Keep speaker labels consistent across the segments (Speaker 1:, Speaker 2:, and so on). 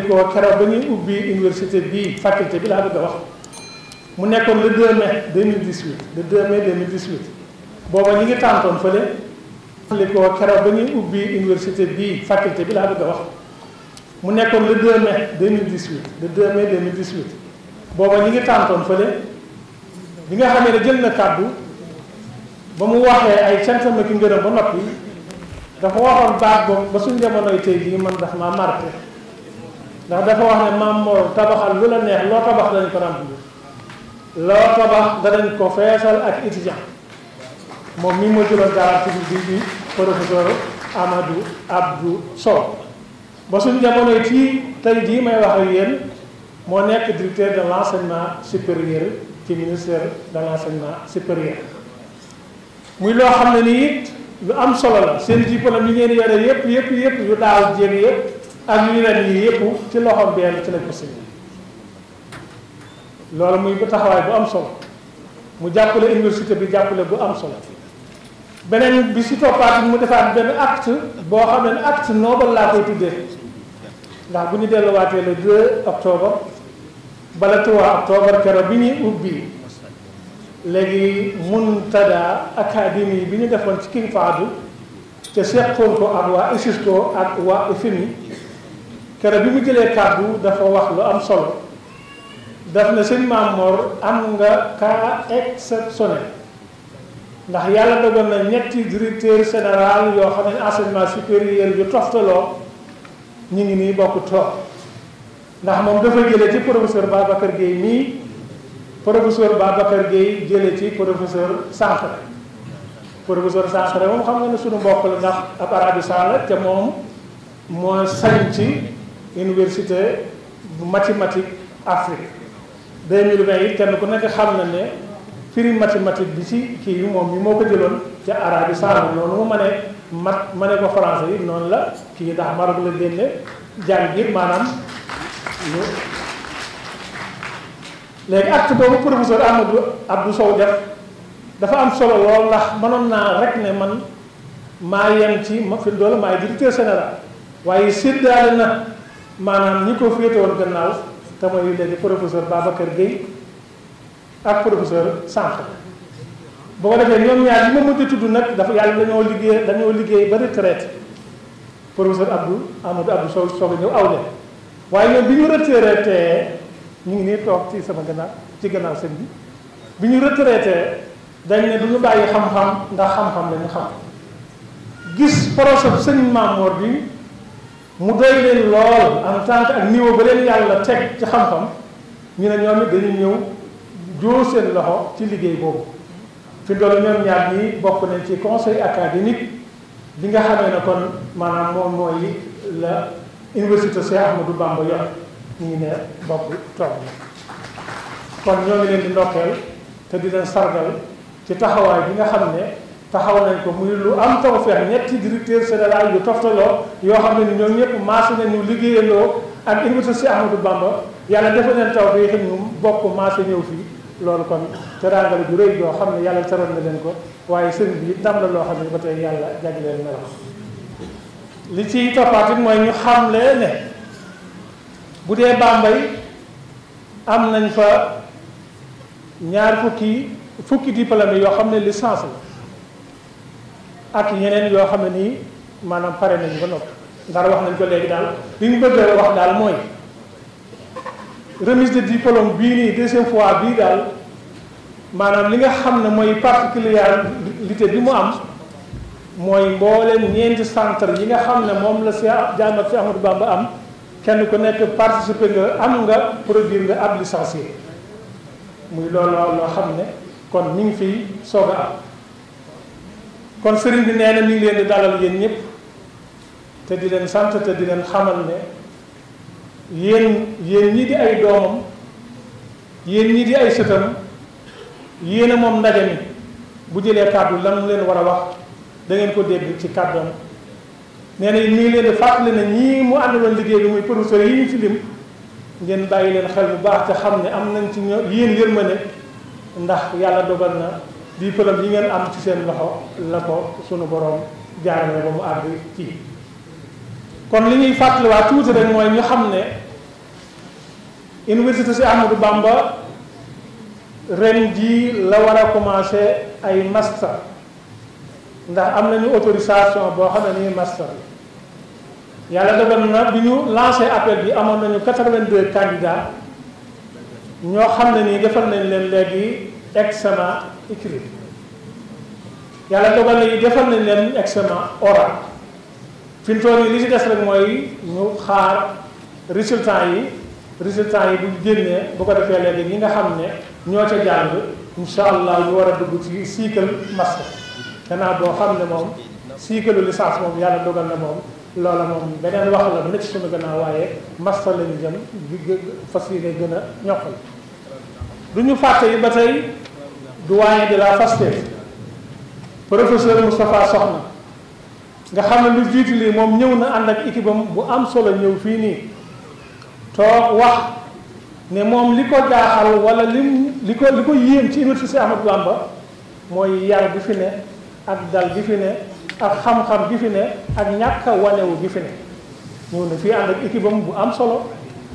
Speaker 1: fàttalikoo keroog ba ñuy ubbi université bii faculté bi laa bëgg a wax mu nekkoon le 2 mai 2018 le 2 mai 2018 booba ñi ngi tàntoon fële fàttalikoo keroog ba ñuy ubbi université bii faculté bi laa bëgg a wax mu nekkoon le 2 mai 2018 le 2 mai 2018 booba ñi ngi tàntoon fële bi nga xamee ne jël na kàddu ba mu waxee ay cantam ki ngërëm ba noppi dafa waxoon baat ba suñ jamonoy tey bi man ndax maa marqué ndax dafa wax ne maam moor tabaxal lu la neex loo tabax dañ ko ràmb remplir loo tabax danañ ko feesal ak étudiant moom mi ma jural dara ci bi bi professeur amadou abdou sow ba suñ jamono ci tey jii may wax ak yéen moo nekk directeur de l' enseignement supérieur ci ministère de l' enseignement supérieur muy loo xam ne ni lu am solo la seen diplôme mi ngeen yore yépp yépp yépp yu daaw jéem yépp ak yu mel nii yëpp ci loxoom benn ci lañ ko sëñ loolu muy ba taxawaay bu am solo mu jàppale université bi jàppale bu am solo beneen bi si toppaat mu defaat benn acte boo xam ne acte noble laa koy tuddee ndax bu ñu delluwaatee le 2 octobre bala 3 octobre keroog bi ñuy ubbi léegi Muntada académie bi ñu defoon ci King Fahd te seqoon ko ak waa ISISCO ak waa UFIMI kere bi mu jëlee kàddu dafa wax lu am solo daf na sëñ Maam Mor am nga cas exceptionnel ndax yàlla dogal na ñetti directeur général yoo xam ne enseignement supérieur yu toftaloo ñu ngi nii bokk toog ndax moom dafa jëlee ci professeur Babacar Guèye nii professeur Babacar Guèye jëlee ci professeur Sankharé professeur Sankharé moom xam nga ne suñu mbokk la ndax ab arabi sala te moom moo sañ ci université bu mathématique Afrique 2020 yi kenn ko nekk xam na ne prix mathématique bi ci kii yi moom yi moo ko jëloon ca arabe yi saaraan noonu mu ma ne mat ma ne ko français yi noonu la kii ndax Maroc la génne jàng gi maanaam léegi acte boobu professeur Sow def dafa am solo lool ndax mënoon naa rek ne man maa yem ci ma fi doole maay directeur général waaye séddaale na maanaam ñi ko féetewoon woon te mooy léegi professeur Babacar Guèye ak professeur Samb bu defee ñoom ñaar li ma mujj tudd nag dafa yàlla dañoo liggéey dañoo liggéey ba retraite professeur Abdou Amadou Abdou Sow soog a ñëw aw leen waaye ñoom bi ñu retraité ñu ngi nii toog ci sama gannaaw ci gannaaw sëñ bi bi ñu retraité dañ ne du ñu bàyyi xam-xam ndax xam-xam la ñu xam bi. mu doy leen lool en tant que ak niveau ba leen yàlla teg ci xam-xam ñu ne ñoom it dañuy ñëw joo seen loxo ci liggéey boobu fi doolu ñoom ñaar ñi bokk nañ ci conseil académique bi nga xamee ne kon maanaam moom mooy la université Cheikh du Bamba yor ñu ngi ne bopp toog kon ñoo leen di ndokkeel te di leen sargal ci taxawaay bi nga xam ne taxaw nañ ko muy lu am tawfeex ñetti directeur général yu toftaloo yoo xam ne ni ñoom ñëpp maase nañu liggéeyandoo ak université Ahmadou Bamba yàlla defal leen tawfeex ñu bokk maase ñëw fii loolu kon te la ju rëy yoo xam ne yàlla teral na leen ko waaye sëriñ bi ndam la loo xam ne ba tey yàlla jagleel na la li ciy toppaat mooy ñu xamle ne bu dee Bambey am nañ fa ñaar fukki fukki diplôme yoo xam ne licence la ak yeneen yoo xam ne nii maanaam pare nañ ba noppi dara wax nañ ko léegi daal li ñu bëgg wax daal mooy remise de diplôme bii nii deuxième fois bii daal maanaam li nga xam ne mooy particularité bi mu am mooy mbooleem ñeenti centre yi nga xam ne moom la si jaamat si Ahmadou Bamba am kenn ku nekk participer nga am nga produire nga ab licencié muy loolu loo xam ne kon ñu ngi fiy soog a am kon sëriñ bi nee na mi ngi leen di dalal yéen ñëpp te di leen sant te di leen xamal ne yéen yéen ñi di ay doomam yéen ñi di ay sëtam yéen a moom ndaje mi bu jëlee kàddu lan leen war a wax da ngeen ko dégg ci kàddoom nee na mi ngi leen di fàttali ne ñii mu àndaloon liggéey bi muy professeur yi ñu fi lim ngeen bàyyi leen xel bu baax te xam ne am nañ ci ñoom yéen yërmande ndax yàlla dogal na diplôme yi ngeen am ci seen loxo la ko sunu borom jaarale ba mu àgg ci kon li ñuy fàttaliwaat tuuti rek mooy ñu xam ne université si Amadou Bamba ren jii la war a commencé ay master ndax am nañu autorisation boo xam ne nii master yàlla dogal na bi ñu lancé appel bi amoon nañu 82 candidats ñoo xam ne nii defal nañ leen léegi examen. écrire yàlla dogal na yi defal nañ leen examen oral fi mu toll li ci des rek mooy ñu xaar résultat yi résultat yi bu génnee bu ko defee léegi ñi nga xam ne ñoo ca jàng incha allah ñu war a dugg ci cycle master gannaaw boo xam ne moom cycle licence moom yàlla dogal na moom loola moom beneen wax la bu nekk suñu gannaaw waaye master lañu jëm gi fas yi ne gën a ñoqal du ñu fàtte yi ba tey doyen di la FASTEF professeur Moustapha Soxna nga xam ne lu jiitu lii moom ñëw na ànd ak équipe bu am solo ñëw fii nii toog wax ne moom li ko jaaxal wala lim li ko li ko yéem ci université Ahmadou Bamba bi fi ne ak dal bi fi ne ak fi ne ak ñàkk a wanewu bi fi ne bu am solo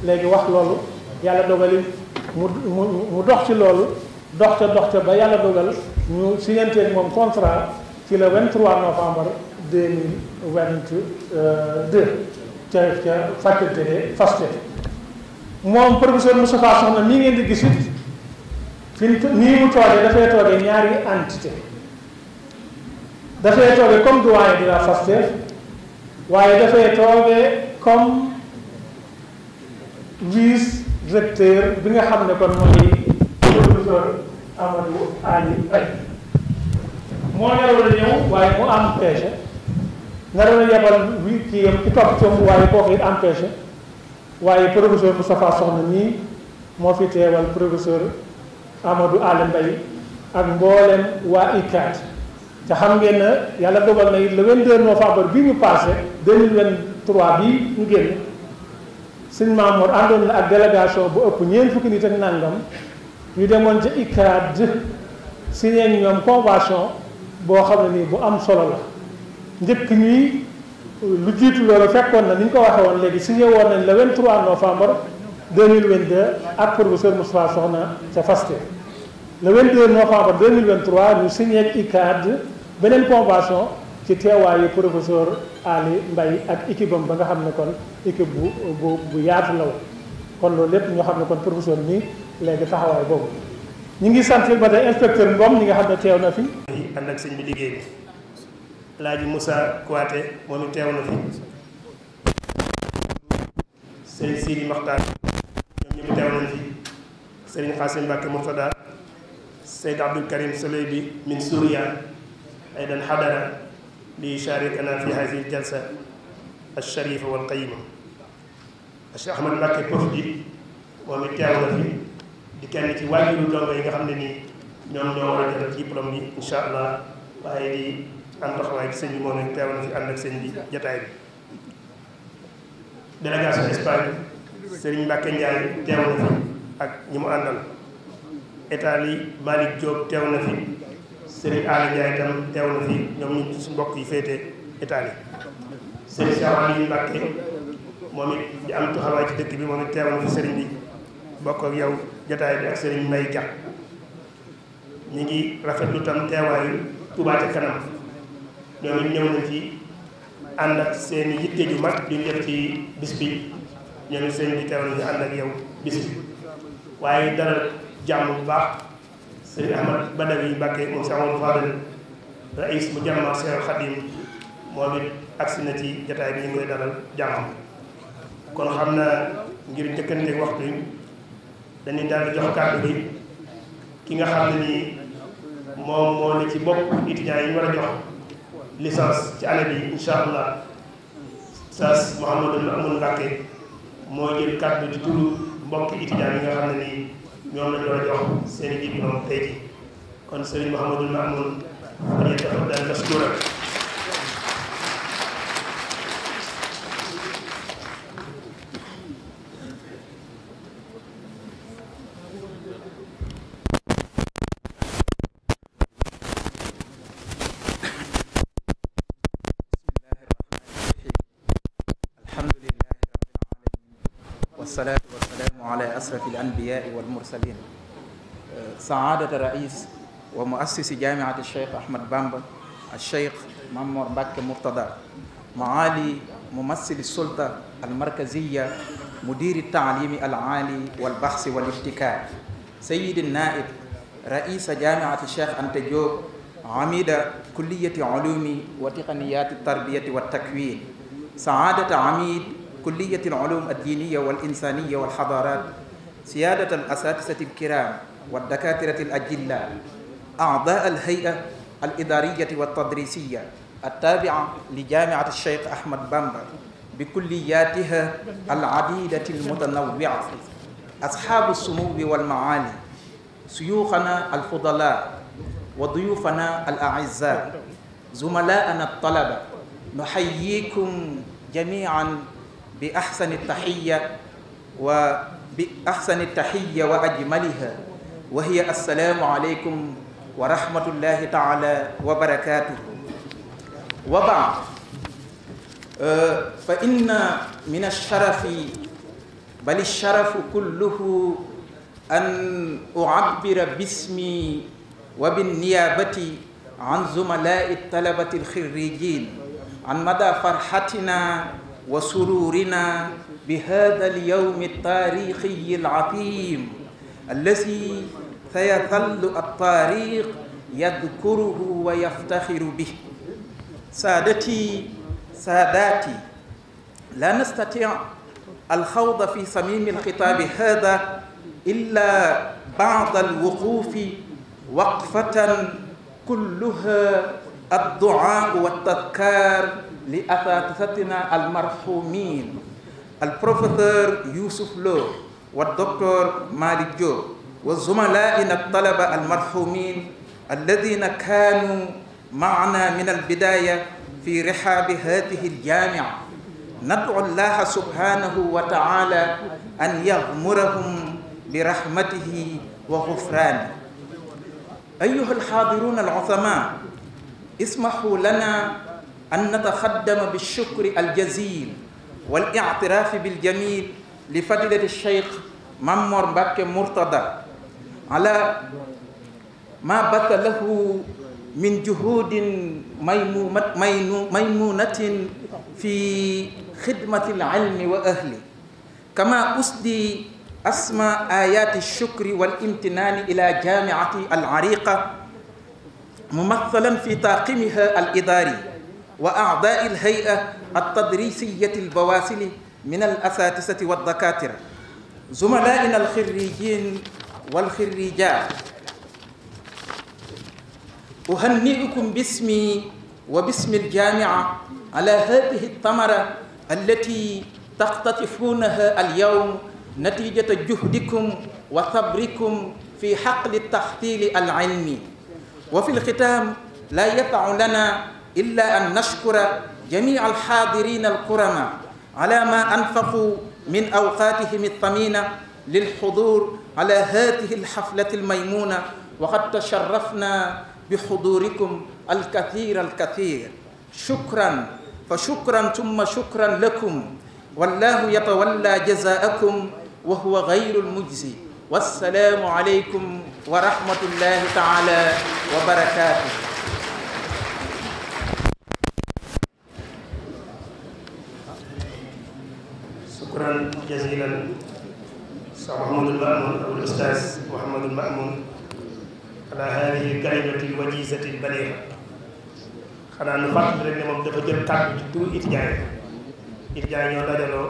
Speaker 1: léegi wax loolu yàlla dogali mu mu dox ci loolu dox ca dox ca ba yàlla dogal ñu signé ak moom contrat ci le 23 novembre 2022 ca ca faculté FASTEF moom professeur Moustapha Soxna mii ngeen di gis it fi nii mu toogee dafay toogee ñaari entité dafay toogee comme doyen de la FASTEF waaye dafay toogee comme vice recteur bi nga xam ne kon mooy Amadou Ali Mbaye moo naroon a ñëw waaye mu empêché naroon a yebal wi kii yam ci topp coom waaye kooku it empêché waaye professeur Moustapha Soxna nii moo fi teewal professeur Amadou Ali Mbaye ak mboolem waa ICAT te xam ngeen ne yàlla dogal na it le 22 novembre bi ñu passé 2023 bii ñu génn sëñ Mamour àndoon na ak délégation bu ëpp ñeent fukki nit ak nangam ñu demoon ca ICRAD signé ak ñoom convention boo xam ne nii bu am solo la njëkk ñuy lu jiitu loolu fekkoon na ni ñu ko waxee woon léegi signé woon nañ le 23 novembre 2022 ak professeur Moustapha Soxna ca Faste le 22 novembre 2023 ñu signé ak ICRAD beneen convention ci teewaayu professeur Ali Mbaye ak équipe ba nga xam ne kon équipe bu bu bu yaatu la woon kon loolu lépp ñu xam ne kon professeur nii léegi taxawaay boobu ñu ngi sant ba tey inspecteur Ngom ñi nga
Speaker 2: xam ne teew na fi. ànd ak sëñ bi liggéey bi laaji Moussa Kouaté moom it teew na fi sëñ Sidi Makhtar ñoom ñëpp teew nañ fi sëñ Khassim Mbacke Murtada Seyd Abdul Karim Soley bi min Suuriya aydan hadara li sharikana fi hadhihi al-jalsa al-sharifa wal-qayyima Cheikh Ahmad Mbacke Pof ji moom it na fi di kenn ci waajuru dongo yi nga xam ne nii ñoom ñoo war a jël diplôme bi incha allah waaye di am taxawaay ci bi moom it teew na ak sëñ bi jataay bi. délégation Espagne Serigne Mbacke teew na fi ak ñi mu àndal Italie Malick Diop teew na fi. ñoom ñu suñu mbokk yi féete Italie Serigne Cheikh Aliou Mbacke moom it di am taxawaay ci dëkk bi moom it teewal fi sëriñ bi bokk ak yow jotaay bi ak sëriñ Mbay Jax ñu ngi rafetlu tam teewaayu Touba ca kanam ñoom it ñëw nañ ci ànd ak seen yitte ju mag duñ def ci bis bi ñoom it sëriñ bi teewal ñu ànd ak yow bis bi waaye dara jàmm bu baax sëriñ Ahmad Badawi Mbàkke moom si amoon Fadal rais bu jàmmal Seex Xadim moom it agsi na ci jotaay bi ñu ngi koy dalal jàmmam kon xam naa ngir njëkkanteeg waxtu yi dañuy daal di jox kàddu gi ki nga xam ne nii moom moo ne ci bopp étudiants yi ñu war a jox licence ci année bi incha allah Oustaz Mouhamadou Amoun Mbacké moo jël kàddu ci turu mbokki étudiants yi nga xam ne nii ñoom lañu war a jox seen diplôme tey ji kon Serigne Mouhamadou Mamoun dañuy taxaw daal mashkuran
Speaker 3: والصلاة والسلام على أسرف الأنبياء والمرسلين سعادة الرئيس ومؤسس جامعة الشيخ أحمد بامبا الشيخ ممر بك مرتضى معالي ممثل السلطة المركزية مدير التعليم العالي والبحث والابتكار سيد النائب رئيس جامعة الشيخ أنتجوب عميد كلية علوم وتقنيات التربية والتكوين سعادة عميد كلية العلوم الدينية والإنسانية والحضارات سيادة الأساتذة الكرام والدكاترة الأجلاء أعضاء الهيئة الإدارية والتدريسية التابعة لجامعة الشيخ أحمد بامبا بكلياتها العديدة المتنوعة أصحاب السمو والمعالي سيوخنا الفضلاء وضيوفنا الأعزاء زملاءنا الطلبة نحييكم جميعا بأحسن التحية وبأحسن التحية وأجملها وهي السلام عليكم ورحمة الله تعالى وبركاته وبعد آه، فإن من الشرف بل الشرف كله أن أعبر باسمي وبالنيابة عن زملاء الطلبة الخريجين عن مدى فرحتنا وسرورنا بهذا اليوم التاريخي العظيم الذي سيظل التاريخ يذكره ويفتخر به سادتي ساداتي لا نستطيع الخوض في صميم الخطاب هذا إلا بعد الوقوف وقفة كلها الدعاء والتذكار لأساتذتنا المرحومين البروفيسور يوسف لو والدكتور مالك جو وزملائنا الطلبة المرحومين الذين كانوا معنا من البداية في رحاب هذه الجامعة ندعو الله سبحانه وتعالى أن يغمرهم برحمته وغفرانه أيها الحاضرون العظماء اسمحوا لنا أن نتخدم بالشكر الجزيل والاعتراف بالجميل لفضيلة الشيخ ممر مبكي مرتضى على ما بث له من جهود ميمونة في خدمة العلم وأهله كما أسدي أسمى آيات الشكر والامتنان إلى جامعة العريقة ممثلا في طاقمها الإداري وأعضاء الهيئة التدريسية البواسل من الأساتذة والدكاترة زملائنا الخريجين والخريجات أهنئكم باسمي وباسم الجامعة على هذه الثمرة التي تقتطفونها اليوم نتيجة جهدكم وصبركم في حقل التحصيل العلمي وفي الختام لا يفع لنا إلا أن نشكر جميع الحاضرين الكرماء على ما أنفقوا من أوقاتهم الثمينة للحضور على هذه الحفلة الميمونة وقد تشرفنا بحضوركم الكثير الكثير شكرا فشكرا ثم شكرا لكم والله يتولى جزاءكم وهو غير المجزي والسلام عليكم ورحمة الله تعالى وبركاته
Speaker 2: shukran jazilan sa Mouhamadul Mamoun abul ustaaz Mouhamadul Mamoun ala haadihi kalimati wajizati baliira xanaa nu fàttali rek ne moom dafa jël kàddu ci turu Itjaay Itjaay ñoo dajaloo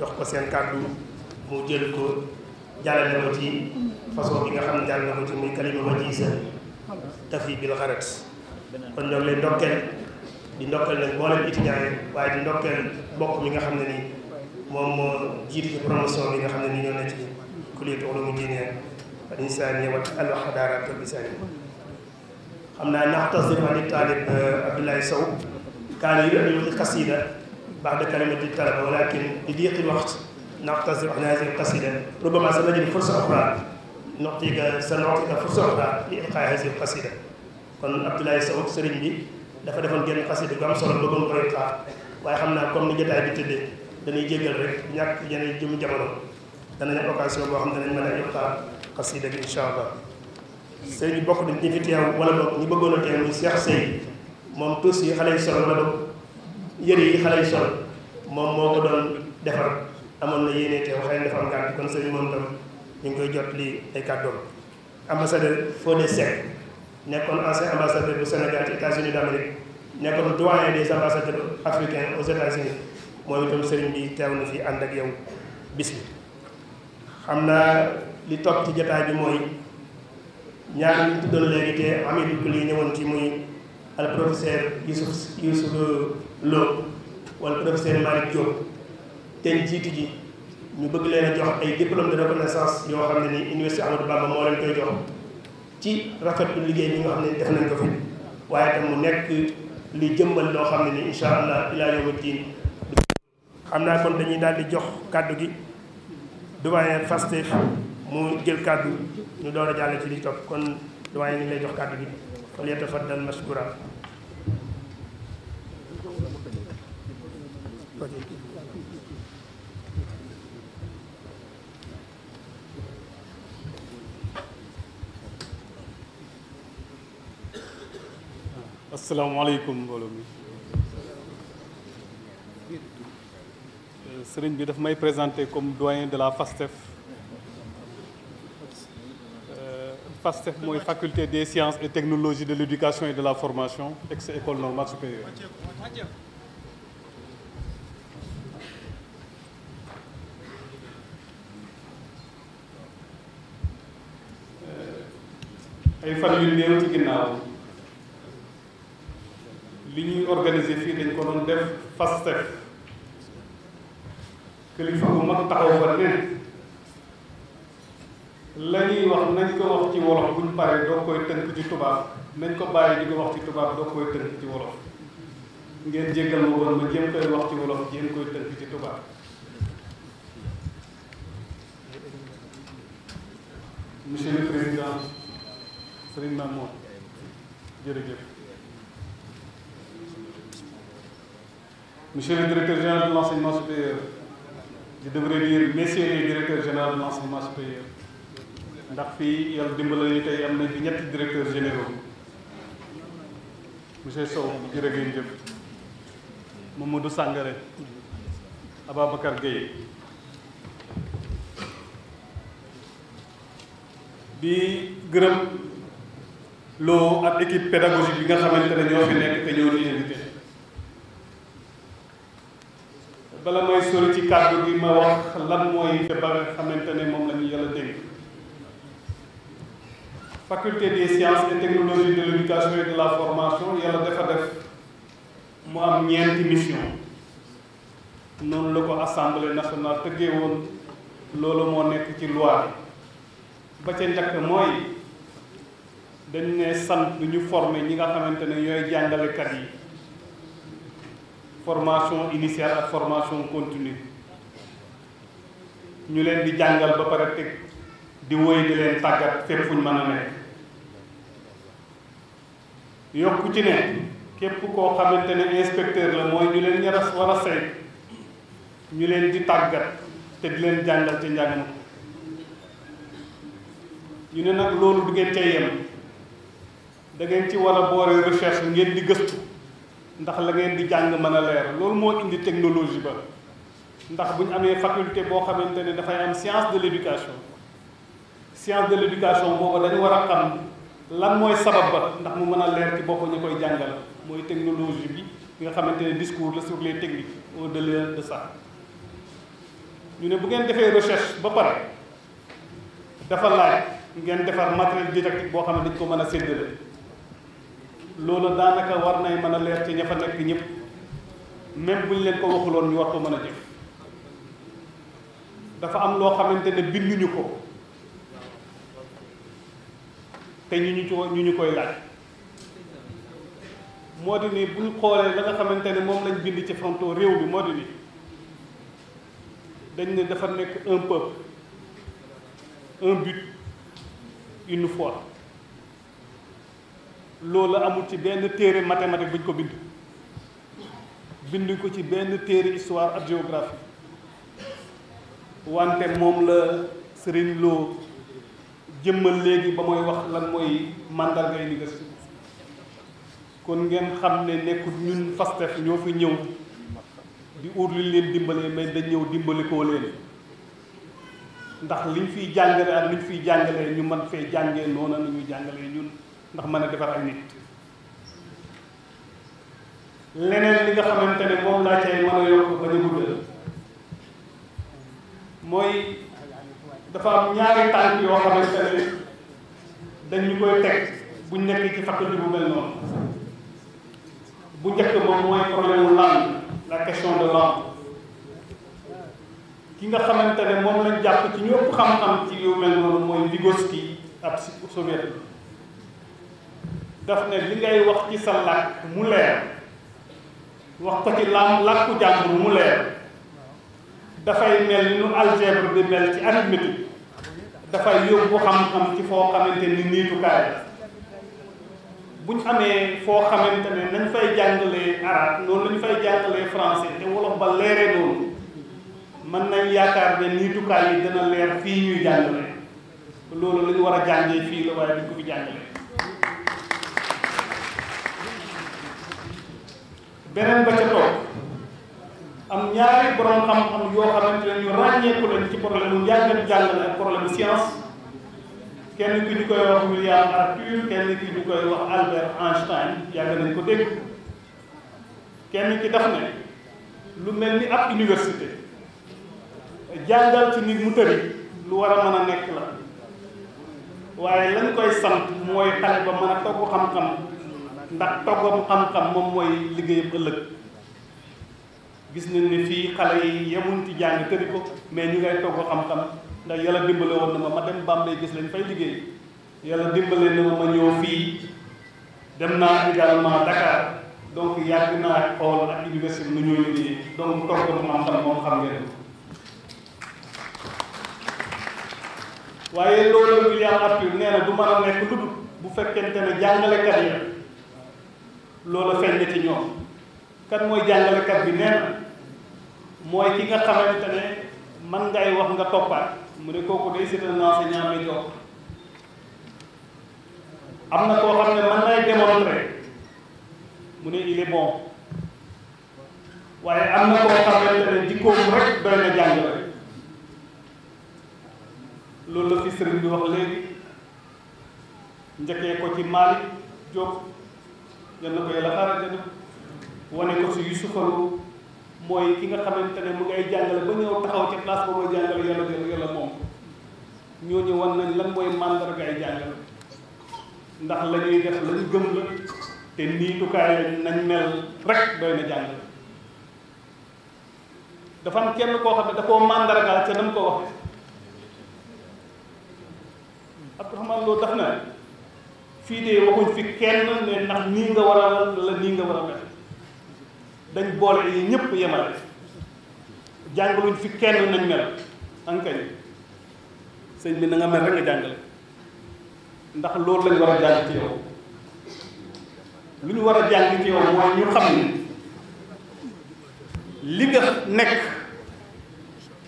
Speaker 2: jox ko seen kàddu mu jël ko jàllale ko ci façon bi nga xam ne jàllale ko ci muy kalima wajiza tafi bil xarat kon ñoom lay ndokkeel di ndokkeel nag mboolem Itjaay waaye di ndokkeel mbokk mi nga xam ne nii. moom moo jiitu ci promotion bi nga xam ne ni ñoo ne ci kulliyatu ulumul diine al insaaniya wa al hadaraat al insaaniya xam naa naxtasir an taalib Abdoulaye Sow kaana yu'allimu al qasida ba'da kalimati talaba walakin li diiqi al waqt نقتصر على هذه القصيدة ربما سنجد فرصة أخرى نعطيك سنعطيك فرصة أخرى لإلقاء هذه القصيدة كون عبد الله سعود سرين بي دا فا ديفون ген قصيدة بام سولو بو بون كوي واي خامنا كوم ني جتاي بي تيدي danay jéggal rek ñàkk yeneen jëm jamono danañ am occasion boo xam ne danañ mën a yokkaat xasida gi incha allah sëñ bi bokk nañ ñi fi teew wala boog ñi bëggoon a teew ñu Seex Sëy moom tuus yi xale yi sol wala boog yëre yi xale yi sol moom moo ko doon defar amoon na yéene teew xëy na dafa am gàtt kon sëñ moom tam ñu ngi koy jot lii ay kàddoom ambassadeur Fodé Seck nekkoon ancien ambassadeur bu Sénégal ci États-Unis d'Amérique nekkoon doyen des ambassadeurs africains moom itam sëriñ bi teew na fi ànd ak yow bis xam naa li topp ci jataay bi mooy ñaar ñu tuddoon léegi te amee dugg li ñëwoon ci muy al professeur Youssouf Youssouf Lo wala professeur Malick Diop ten jiitu ji ñu bëgg leen jox ay diplôme de reconnaissance yoo xam ne ni université Amadou Bamba moo leen koy jox ci rafetlu liggéey bi nga xam ne def nañ ko fi waaye tam mu nekk li jëmbal loo xam ne ni incha allah ilaa diin xam kon dañuy dal di jox kaddu gi doyen Pastef mu jël kaddu ñu doora jall ci li top kon doyen ñu lay jox kaddu gi fal yatafaddal mashkura
Speaker 4: asalaamaaleykum mbooloo mi Serigne bi daf may présenter comme doyen de la FASTEF euh, FASTEF moy faculté des sciences et technologies de l'éducation et de la formation ex-école normale supérieure euh, ay fan yu néew ci ginnaaw li ñuy organiser fii dañ ko def FASTEF kilifa bu mag taxaw fa ne la ñuy wax nañ ko wax ci wolof buñ paree doo koy tënk ci tubaab nañ ko bàyyi di ko wax ci koy tënk ci wolof ngeen jéggal ma woon ma jéem koy wax ci wolof jéem koy tënk ci tubaab monsieur le président Serigne Mamour jërëjëf monsieur le je devrais dire messieurs les directeurs généraux de l'enseignement supérieur ndax fii yàlla dimbala ñu tey am na ñetti directeurs généraux monsieur Sow jërë ngeen jëf Mamadou Sangaré Ababacar Gueye di gërëm loo ak équipe pédagogique bi nga xamante ne ñoo fi nekk te ñoo ñu invité bala may sori ci kàddu gi ma wax lan mooy te ba nga xamante ne moom la ñu yàlla dénk faculté des sciences et technologies de l'éducation et de la formation yàlla defa def mu am ñeenti mission noonu la ko assemblée nationale tëggee woon loolu moo nekk ci loi ba ca njëkk mooy dañ ne san du ñu former ñi nga xamante ne ñooy jàngalekat yi formation initiale ak formation continue ñu leen di jàngal ba pare teg di woy di leen tàggat fépp fuñ mën a nekk yokku ci ne képp koo xamante ne inspecteur la mooy ñu leen ñaras war a say ñu leen di tàggat te di leen jàngal ci njàng ñu ne nag loolu du ngeen cay yem da ngeen ci war a boore recherche ngeen di gëstu ndax la ngeen di jàng mën a leer loolu moo indi technologie ba ndax bu ñu amee faculté boo xamante ne dafay am science de l'éducation science de l'éducation boobu dañu war a xam lan mooy sabab ba ndax mu mën a leer ci bopp ñu koy jàngal mooy technologie bi nga xamante ne discours la sur les techniques au-delà de ça ñu ne bu ngeen defee recherche ba pare dafa laaj ngeen defar matériel didactique boo xam ne dañ ko mën a séddale loola daanaka war nay mën a leer ci ña fa nekk ñëpp même buñ leen ko waxuloon ñu wax ko mën a jëf dafa am loo xamante ne binduñu ko te ñu ñu ñu ñu koy laaj moo di ni buñ xoolee la nga xamante ne moom lañ bind ci fronton réew mi moo di ni dañ ne dafa nekk un peuple un but une loolu amul ci benn téere mathématique bu ñu ko bind binduñ ko ci benn téere histoire ak géographie wante moom la Serigne loo jëmmal léegi ba mooy wax lan mooy mandarga université kon ngeen xam ne nekkul ñun Pastef ñoo fi ñëw di uur li leen dimbalee mais dañ ñëw dimbali koo leen ndax liñ fiy jàngale ak liñ fiy jàngale ñu mën fee jàngee noonu la ñuy jàngale ñun. ndax mën a defar ak nit leneen li nga xamante ne moom laa cay mën a yokk ba ñu guddal mooy dafa am ñaari tànk yoo xamante ne dañu koy teg buñ nekk ci faculté bu mel noonu bu njëkk moom mooy problème la question de langue ki nga xamante ne moom la jàpp ci ñu ëpp xam-xam ci yu mel noonu mooy Vygotsky ab soviet daf ne li ngay wax ci sa làkk mu leer wax ko ci làkk làkku jàmbur mu leer dafay mel ni nu algèbre bi mel ci arithmétique dafay yóbbu xam-xam ci foo xamante ni niitukaay bu buñ amee foo xamante ne nañ fay jàngalee arabe noonu lañu fay jàngalee français te wolof ba leeree noonu mën nañ yaakaar ne niitukaay yi dana leer fii ñuy jàngalee loolu la war a jàngee fii la waaye duñ ko fi jàngalee. beneen ba ca toog am ñaari borom xam-xam yoo xamante ne ñu ràññeeku lañ ci problème mu njàngale jàngale ak problème science kenn ki ñu koy wax William Arthur kenn ki ñu koy wax Albert Einstein yàgg nañ ko dégg kenn ki daf ne lu mel ni ab université jàngal ci nit mu tëri lu war a mën a nekk la waaye lañ koy sant mooy xale ba mën a togg xam-xam ndax toggam xam-xam moom mooy liggéeyam ëllëg gis nañ ne fii xale yi yemuñ ci jàng tëri ko mais ñu ngay togg xam-xam ndax yàlla dimbale woon na ma dem Bambey gis lañ fay liggéey yàlla dimbale na ma ma fii dem naa également Dakar donc yàgg naa xool ak université nu ñuy liggéey donc toggam xam-xam moom xam ngeen waaye loolu William nee na du mën a nekk lu dul bu fekkente ne jàngalekat yi loolu feeñ na ci ñoom kan mooy jàngalekat bi nee na mooy ki nga xamante ne man ngay wax nga toppaat mu ne kooku day c'est un enseignant médiocre am na koo xam ne man lay démontrer mu ne il est bon waaye am na koo xamante ne jikkoom rek doy na jàngale loolu la fi sëriñ bi wax léegi njëkkee ko ci Malick Diop yal na ko yàlla xaaral jana wane ko si Yusufalu mooy ki nga xamante ne mu ngay jàngale ba ñëw taxaw ci place ba mooy jàngale yàlla jël yàlla moom ñooñu wan nañ lan mooy màndarga ay ndax la ñuy def la ñu gëm la te niitukaay nañ mel rek doy na jàngale dafa am kenn koo xam ne da koo màndargaal ca nam ko waxee Abdourahmane Lo daf na fii de waxuñ fi kenn ne ndax nii nga war a la nii nga war a mel dañ boole yi ñëpp yemale jàngaluñ fi kenn nañ mel ankañ sëñ bi nanga mel rek jàngale ndax loolu lañ war a jàng yow lu ñu war a jàng ci yow mooy ñu xam ni li nga nekk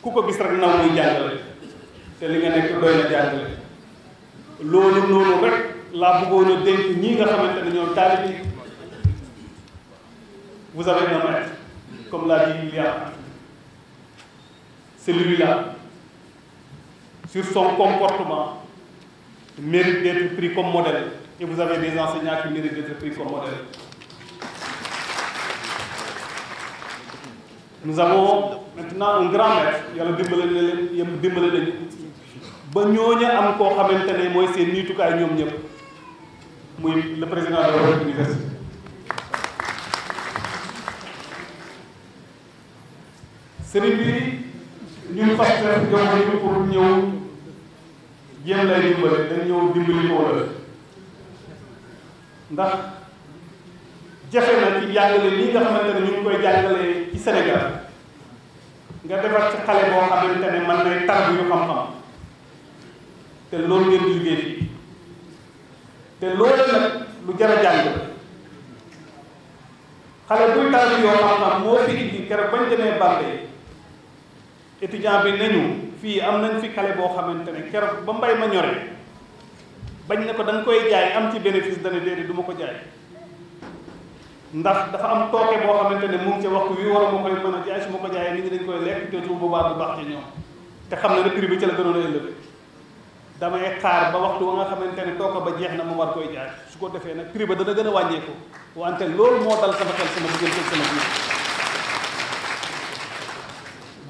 Speaker 4: ku ko gis rek naw muy jàngale te li nga nekk doy na jàngale loolu noonu rek Là, vous avez un maître comme l'a dit il y a celui-là sur son comportement mérite d'être pris comme modèle et vous avez des enseignants qui méritent d'être pris comme modèle nous avons maintenant un grand maître il a le muy le président de la université bi ñun Pastef jox nañu pour ñëw jéem lay dimbali dañ ñëw dimbali ko la ndax jafe na ci jàngale lii nga xamante ne ñu ngi koy jàngalee ci Sénégal nga defar ci xale boo xamante ne man nay tar bu xam-xam te loolu ngeen di liggéey te loolu nag jar a jàng xale buy taal yoo xam na moo fi indi keroog bañ demee Bambey étudiant bi fii am nañ fi xale boo xamante ne keroog ba mbay ma ñore bañ ne ko da nga jaay am ci bénéfice dana déedéet duma ko jaay ndax dafa am tooke boo xamante ne mu ngi ca waxtu wi war a ma koy mën a jaay su ma ko jaayee nit ñi dañ koy lekk te su boobaa du baax ci ñoom te xam na ne prix bi ca la gënoon a élevé damay xaar ba waxtu wa nga xamante ne tooke ba jeex na ma war koy jaay su ko defee nag prix ba dana gën a wàññeeku wante loolu moo dal sama xel sama diggante sama biir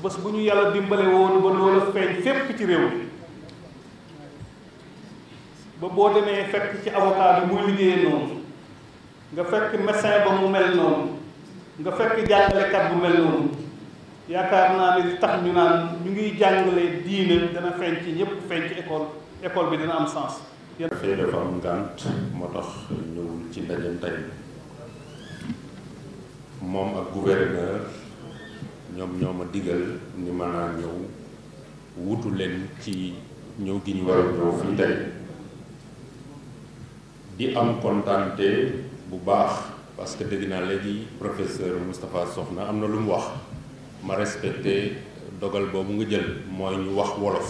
Speaker 4: bés bu ñu yàlla dimbale woon ba loolu feeñ fépp ci réew mi ba boo demee fekk ci avocat bi muy liggéeyee noonu nga fekk médecin ba mu mel noonu nga fekk jàngalekat bu mel noonu yaakaar naa ne li tax ñu naan ñu ngi jàngale diine dana feeñ ci ñëpp feeñ ci école école bi dina am sens.
Speaker 5: dafay dafa am ngànt moo tax ñëwul ci ndajeem tey moom ak gouverneur ñoom ñoo ma diggal ni mën a ñëw wutu leen ci ñëw gi ñu war a ñëw fii tey di am kontaante bu baax parce que dégg naa léegi professeur Moustapha Sokhna am na lu mu wax. ma respecté dogal boobu nga jël mooy ñu wax wolof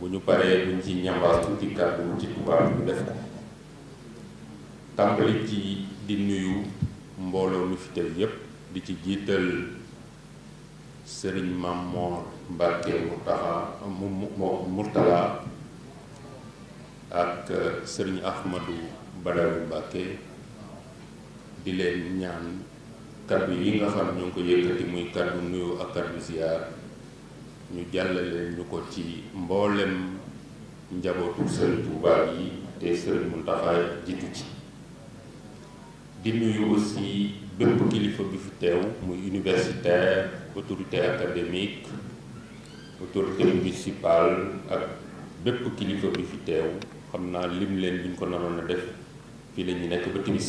Speaker 5: bu ñu paree buñ ci ñambaar tuuti kàddu ci tubaab ñu def ko tàmbali ci di nuyu mbooloo mi fi tel yépp di ci jiital sëriñ Mamor Mbàkke Murtaxa Murtala ak euh, sëriñ Ahmadou Badara Mbàkke di leen ñaan kaddu yi nga xam ñu ko yëkkati muy kaddu nuyu ak kaddu ziar ñu jàllale ñu ko ci mboolem njabootu Serigne Touba yi te Serigne Mountakha jiitu ci di nuyu aussi bépp kilifa bi fi teew muy universitaire autorité académique autorité municipale ak bépp kilifa bi fi teew xam naa lim leen buñ ko naroon a def fii lañuy nekk ba timis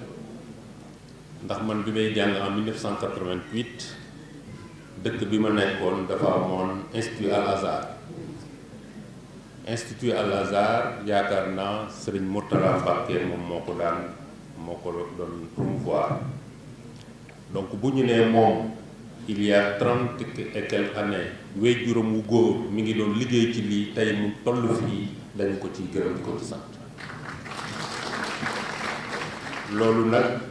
Speaker 5: ndax man bi may jàng en 1988 dëkk bi ma nekkoon dafa amoon institut Al Azhar institut Al Azhar yaakaar naa Serigne Mourtala Mbacké moom moo ko daan moo ko doon promouvoir donc bu ñu nee moom il y a trente et années wéy juróom wu góor mi ngi doon liggéey ci lii tey mu toll fii dañu ko ci gërëm di ko ci sant loolu nag.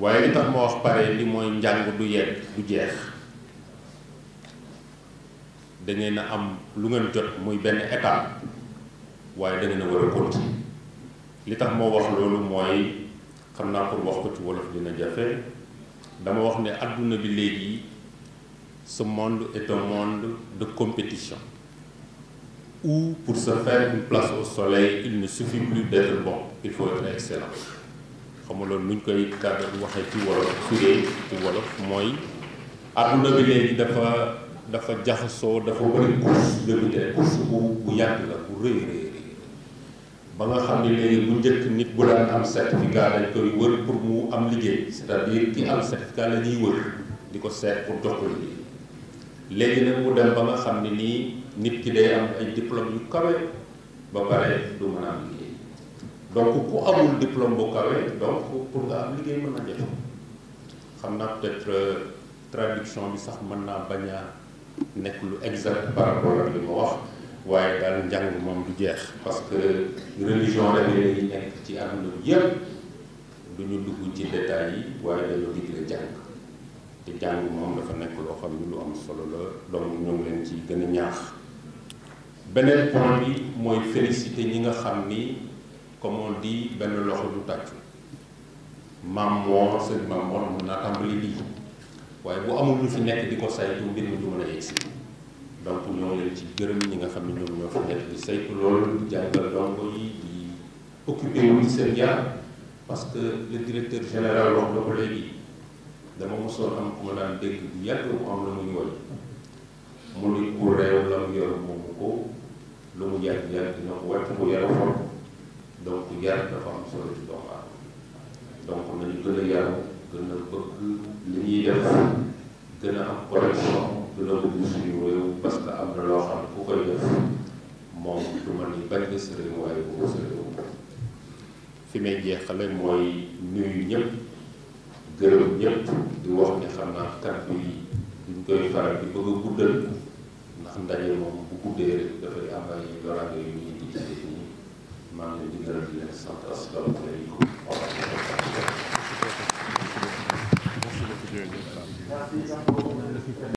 Speaker 5: waaye li tax ma wax pare li mooy njàng du yegg du jeex da ngeen a am lu ngeen jot muy benn étape waaye da ngeen a war a li tax moo wax loolu mooy xam naa pour wax ko ci wolof dina jafe dama wax ne àdduna bi léegi ce monde est un monde de compétition où pour se faire une place au soleil il ne suffit plus d'être bon il faut être excellent xamul loolu luñ koy bu waxee ci wolof firee ci wolof mooy adduna bi léegi dafa dafa jaxasoo dafa bëri course de vitesse bu bu yàgg la bu rëy rëy ba nga xam ne léegi bu njëkk nit bu daan am certificat dañ koy wër pour mu am liggéey c'est-à-dire ki am certificat la ñuy di ko seet pour jox ko liggéey léegi nag mu dem ba nga xam ne nii nit ki day am ay diplôme yu kawe ba pare du mën a am liggéey donc ku amul diplôme bu kawe donc pour nga am liggéey mën na jafe xam naa peut euh, bi sax mën naa bañ nekk lu exact par ak li ma wax waaye daal njàng moom du jeex parce que religion rek yi nekk ci àdduna bi yëpp du ñu dugg ci détails yi waaye dañu digle jàng te jàng moom dafa nekk loo xam ne lu am solo la donc ñoo ngi leen ci gën a ñaax beneen point bi mooy félicité ñi nga xam ni comme on dit benn loxo du tàccu maam moor sëñ maam moor mun naa waaye bu amul lu fi nekk di ko saytu mbir mi du mën a yegsi donc ñoo leen ci gërëm ñi nga xam ne ñoom ñoo fi nekk di saytu loolu di jàngal yi di occupé wu mm-hmm. seen jaar parce que le directeur général wax na ko léegi dama mosoon am ku ma daan dégg bu yàgg mu am la muy woy mu ni ku réew la mu yor moomu ko lu mu yàgg yàgg dina ko wàcc ko yàlla fort donc yar dafa am solo ci doomu donc nañu gën a yaru gën a bëgg li ñuy def gën a am correction gën a bëgg suñu réew parce que am na loo xam ku koy def moom du man ni bañ na mooy nuyu ñëpp gërëm ñëpp di wax ne xam naa kàddu yi duñ koy faral di bëgg a guddal ndax ndaje moom bu guddee rek dafay am ay loraange yu ñuy indi mani di Berlino è stata stravolta in cui ho